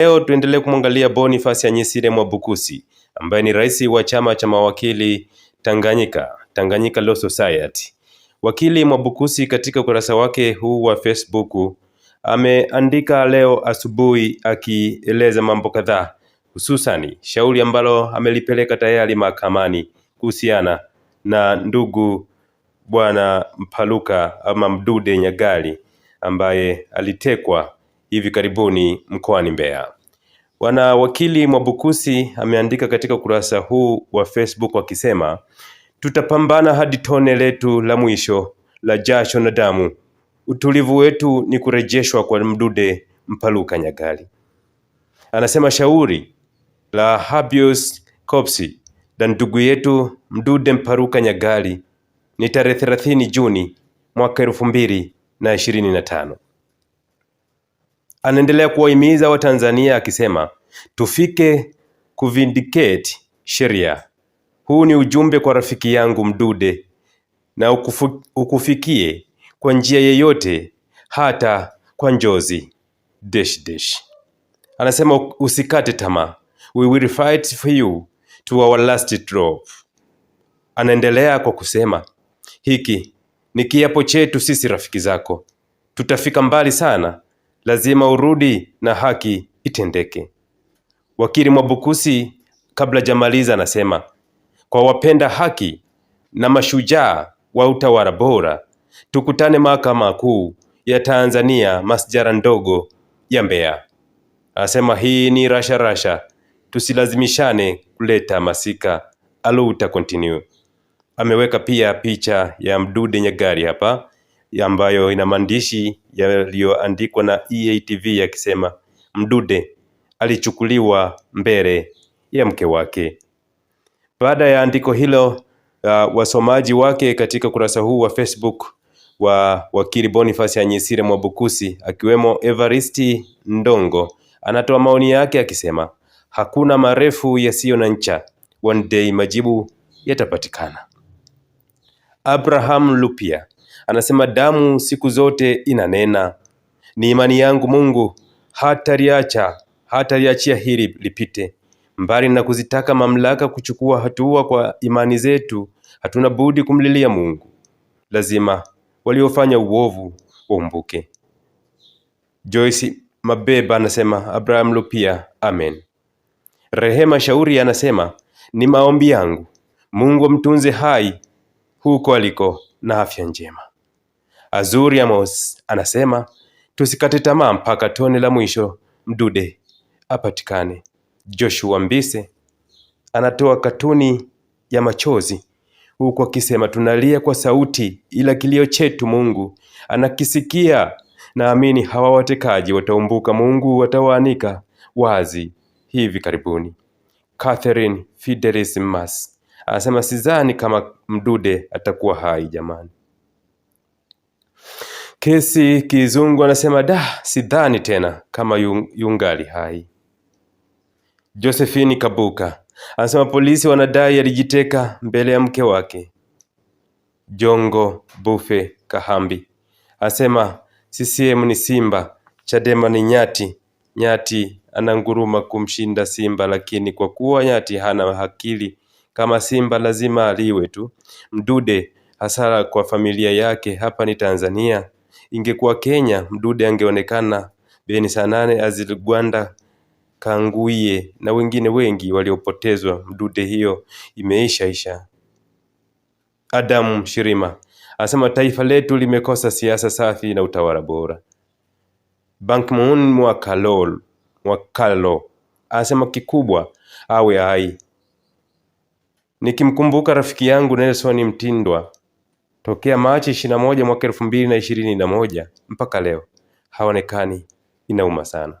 Leo tuendelee kumwangalia Boniface Anyisire Mwabukusi ambaye ni rais wa chama cha mawakili Tanganyika, Tanganyika Law Society. Wakili Mwabukusi katika ukurasa wake huu wa Facebook ameandika leo asubuhi akieleza mambo kadhaa, hususani shauri ambalo amelipeleka tayari mahakamani kuhusiana na ndugu bwana Mpaluka ama Mdude Nyagali ambaye alitekwa hivi karibuni mkoani Mbeya. Bwana wakili Mwabukusi ameandika katika ukurasa huu wa Facebook wakisema tutapambana hadi tone letu la mwisho la jasho na damu. Utulivu wetu ni kurejeshwa kwa Mdude Mpaluka Nyagali. Anasema shauri la habeas corpus la ndugu yetu Mdude Mpaluka Nyagali ni tarehe 30 Juni mwaka elfu mbili na ishirini na tano. Anaendelea kuwahimiza Watanzania akisema tufike kuvindicate sheria. Huu ni ujumbe kwa rafiki yangu Mdude na ukufu, ukufikie kwa njia yeyote hata kwa njozi dish dish. Anasema usikate tamaa, we will fight for you to our last drop. Anaendelea kwa kusema hiki ni kiapo chetu sisi rafiki zako, tutafika mbali sana lazima urudi na haki itendeke. Wakili Mwabukusi kabla jamaliza anasema kwa wapenda haki na mashujaa wa utawala bora, tukutane Mahakama Kuu ya Tanzania, masjara ndogo ya Mbeya. Anasema hii ni rasha rasha, tusilazimishane kuleta masika. Aluta continue. Ameweka pia picha ya Mdude Nyagari hapa ambayo ina maandishi yaliyoandikwa na EATV yakisema Mdude alichukuliwa mbele ya mke wake. Baada ya andiko hilo, uh, wasomaji wake katika kurasa huu wa Facebook wa wakili Boniface Anyisire Mwabukusi akiwemo Evaristi Ndongo anatoa maoni yake akisema hakuna marefu yasiyo na ncha, one day majibu yatapatikana. Abraham Lupia Anasema damu siku zote inanena. Ni imani yangu Mungu hataliacha, hataliachia hili lipite. Mbali na kuzitaka mamlaka kuchukua hatua kwa imani zetu, hatuna budi kumlilia Mungu. Lazima waliofanya uovu waumbuke. Joyce Mabeba anasema Abraham Lupia, amen. Rehema Shauri anasema ni maombi yangu Mungu amtunze hai huko aliko na afya njema. Azuri Amos anasema tusikate tamaa mpaka tone la mwisho Mdude apatikane. Joshua Mbise anatoa katuni ya machozi huku akisema tunalia kwa sauti, ila kilio chetu Mungu anakisikia. Naamini hawa watekaji wataumbuka, Mungu watawaanika wazi hivi karibuni. Catherine Fidelis Mas anasema sidhani kama Mdude atakuwa hai jamani. Kesi Kizungu anasema da, sidhani tena kama yungali hai. Josephine Kabuka anasema polisi wanadai alijiteka mbele ya mke wake. Jongo Bufe Kahambi anasema CCM ni Simba, Chadema ni nyati. Nyati ananguruma kumshinda Simba, lakini kwa kuwa nyati hana akili kama Simba lazima aliwe tu. Mdude hasara kwa familia yake hapa ni Tanzania. Ingekuwa Kenya, Mdude angeonekana Beni Sanane, Azil Gwanda, Kanguye na wengine wengi waliopotezwa. Mdude hiyo imeisha isha adam Shirima asema taifa letu limekosa siasa safi na utawala bora. Moon Mwakalol Mwakalo asema kikubwa awe hai. Nikimkumbuka rafiki yangu Nelson Mtindwa Tokea Machi moja mwaka elfu mbili na na ishirini moja mpaka leo haonekani. Inauma sana.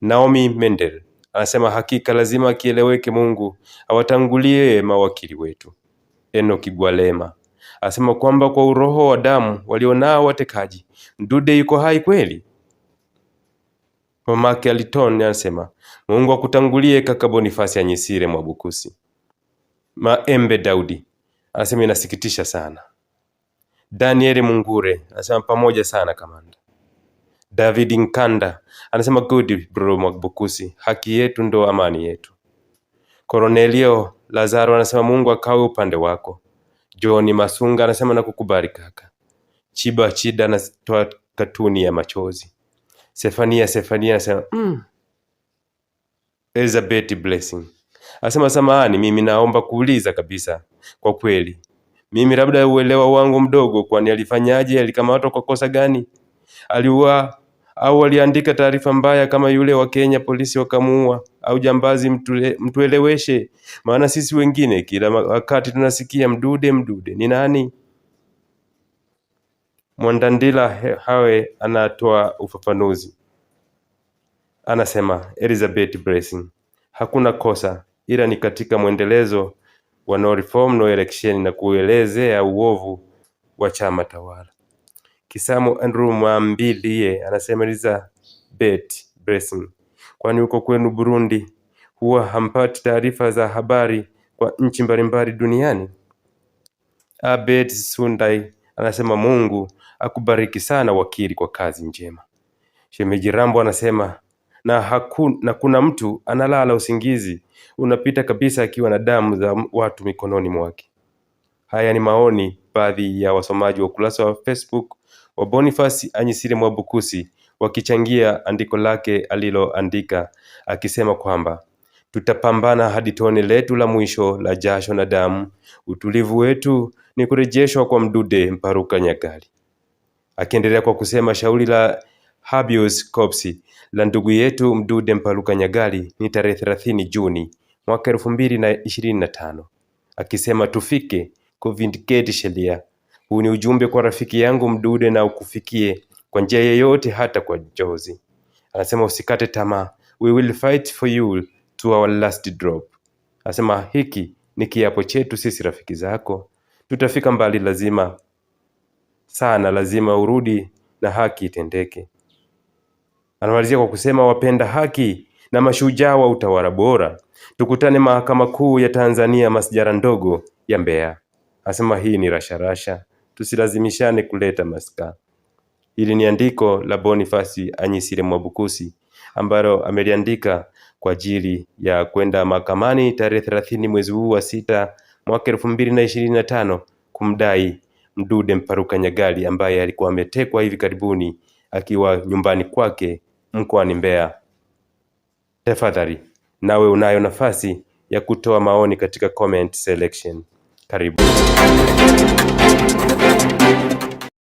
Naomi Mendel anasema hakika lazima akieleweke, Mungu awatangulie mawakili wetu. Enoki Gwalema anasema kwamba kwa uroho wa damu walionao watekaji, Mdude yuko hai kweli. Mamake Aliton anasema Mungu akutangulie kaka Bonifasi Anyisire Mwabukusi. Maembe Daudi anasema inasikitisha sana. Daniel Mungure anasema pamoja sana kamanda. David Nkanda anasema good bro Magbukusi, haki yetu ndo amani yetu. Cornelio Lazaro anasema Mungu akawe upande wako. John Masunga anasema nakukubali kaka. Chiba Chida anatoa katuni ya machozi. Sefania Sefania anasema mm. Elizabeth Blessing anasema samahani, mimi naomba kuuliza kabisa, kwa kweli mimi labda uelewa wangu mdogo, kwani alifanyaje? Alikamatwa kwa kosa gani? Aliua au aliandika taarifa mbaya kama yule wa Kenya polisi wakamuua? Au jambazi? Mtule, mtueleweshe, maana sisi wengine kila wakati tunasikia Mdude, Mdude ni nani? Mwandandila hawe anatoa ufafanuzi, anasema Elizabeth Blessing, hakuna kosa ila ni katika mwendelezo wa No Reform No Election na kuelezea uovu wa chama tawala. Kisamo Andrew Mwambiliye anasemeliza bet Blessing, kwani huko kwenu Burundi huwa hampati taarifa za habari kwa nchi mbalimbali duniani? Abet ah, Sundai anasema Mungu akubariki sana wakili kwa kazi njema. Shemeji Rambo anasema na, haku, na kuna mtu analala usingizi unapita kabisa akiwa na damu za watu mikononi mwake. Haya ni maoni baadhi ya wasomaji wa ukurasa wa Facebook wa bonifasi Anyisire Mwabukusi wakichangia andiko lake aliloandika akisema kwamba tutapambana hadi tone letu la mwisho la jasho na damu. Utulivu wetu ni kurejeshwa kwa Mdude Mparuka Nyagali. Akiendelea kwa kusema shauri la habeas corpus la ndugu yetu Mdude Mpaluka Nyagali ni tarehe 30 Juni mwaka 2025, akisema tufike kuvindicate sheria. Huu ni ujumbe kwa rafiki yangu Mdude na ukufikie kwa njia yeyote, hata kwa jozi Anasema usikate tamaa, we will fight for you to our last drop. Anasema hiki ni kiapo chetu sisi rafiki zako, tutafika mbali, lazima sana, lazima urudi na haki itendeke. Anamalizia kwa kusema wapenda haki na mashujaa wa utawala bora, tukutane mahakama kuu ya Tanzania, masjara ndogo ya Mbeya. Asema hii ni rasharasha, tusilazimishane kuleta masika. Hili ni andiko la Bonifasi Anyisire Mwabukusi ambalo ameliandika kwa ajili ya kwenda mahakamani tarehe thelathini mwezi huu wa sita mwaka elfu mbili na ishirini na tano kumdai Mdude Mparuka Nyagali ambaye alikuwa ametekwa hivi karibuni akiwa nyumbani kwake mkoani Mbeya. Tafadhali nawe unayo nafasi ya kutoa maoni katika comment selection. Karibu.